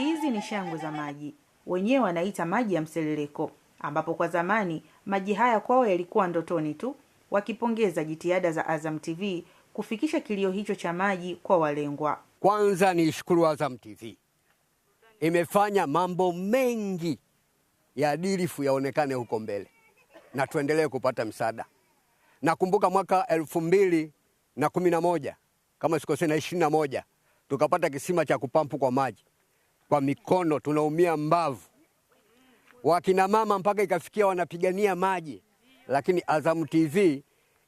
Hizi ni shangwe za maji, wenyewe wanaita maji ya mseleleko, ambapo kwa zamani maji haya kwao yalikuwa ndotoni tu, wakipongeza jitihada za Azam TV kufikisha kilio hicho cha maji kwa walengwa. Kwanza ni shukuru Azam TV, imefanya mambo mengi ya dirifu yaonekane huko mbele na tuendelee kupata msaada. Nakumbuka mwaka elfu mbili na kumi na moja kama sikosei, na ishirini na moja tukapata kisima cha kupampu kwa maji kwa mikono, tunaumia mbavu. Wakina mama mpaka ikafikia wanapigania maji, lakini Azam TV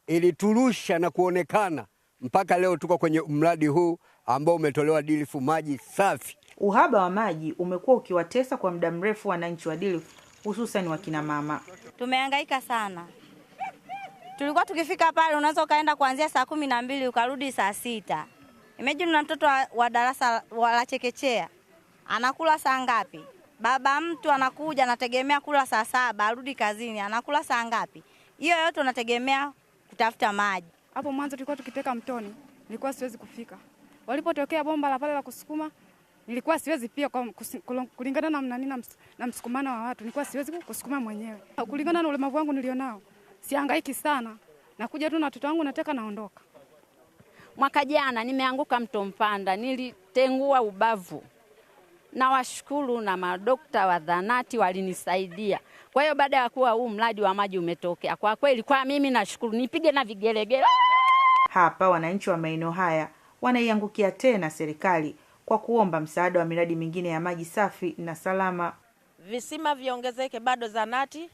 iliturusha na kuonekana mpaka leo tuko kwenye mradi huu ambao umetolewa Dilifu maji safi. Uhaba wa maji umekuwa ukiwatesa kwa muda mrefu wananchi wa Dilifu, hususan wakina mama. Tumehangaika sana, tulikuwa tukifika pale unaweza ukaenda kuanzia saa kumi na mbili ukarudi saa sita. Imagine na mtoto wa, wa darasa la chekechea anakula saa ngapi? Baba mtu anakuja anategemea kula saa saba, arudi kazini anakula saa ngapi? Hiyo yote unategemea kutafuta maji. Hapo mwanzo tulikuwa tukiteka mtoni, nilikuwa siwezi kufika. Walipotokea bomba la pale la kusukuma, nilikuwa siwezi pia kwa kulingana na nani na, na msukumana wa watu, nilikuwa siwezi kusukuma mwenyewe. Kulingana na ulemavu wangu nilionao, sihangaiki sana. Nakuja tu na watoto wangu nateka naondoka. Mwaka jana nimeanguka mto Mpanda, nilitengua ubavu nawashukuru na madokta wa dhanati walinisaidia. Kwa hiyo baada ya kuwa huu mradi wa maji umetokea, kwa kweli kwa mimi nashukuru, nipige na vigelegele hapa. Wananchi wa maeneo haya wanaiangukia tena serikali kwa kuomba msaada wa miradi mingine ya maji safi na salama. Visima viongezeke, bado zanati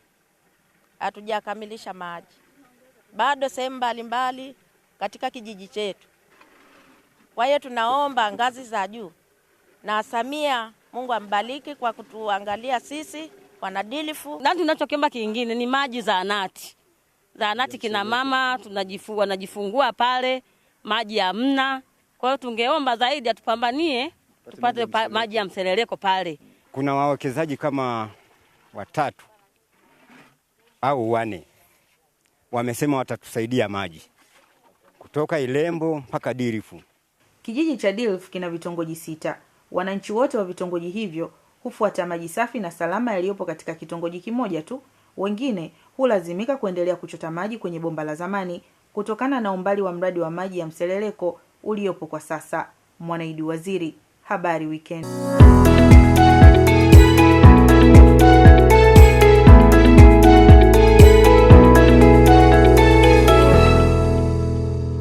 hatujakamilisha maji, bado sehemu mbalimbali katika kijiji chetu. Kwa hiyo tunaomba ngazi za juu na Samia Mungu ambariki kwa kutuangalia sisi wanadilifu. Na tunachokiomba kingine ni maji zahanati, zahanati kina mama tunajifu, wanajifungua pale, maji hamna. Kwa hiyo tungeomba zaidi atupambanie tupate pa, maji ya mseleleko pale. Kuna wawekezaji kama watatu au wane wamesema watatusaidia maji kutoka Ilembo mpaka Dirifu. Kijiji cha Dirifu kina vitongoji sita Wananchi wote wa vitongoji hivyo hufuata maji safi na salama yaliyopo katika kitongoji kimoja tu. Wengine hulazimika kuendelea kuchota maji kwenye bomba la zamani kutokana na umbali wa mradi wa maji ya mseleleko uliopo kwa sasa. Mwanaidi Waziri, Habari wikendi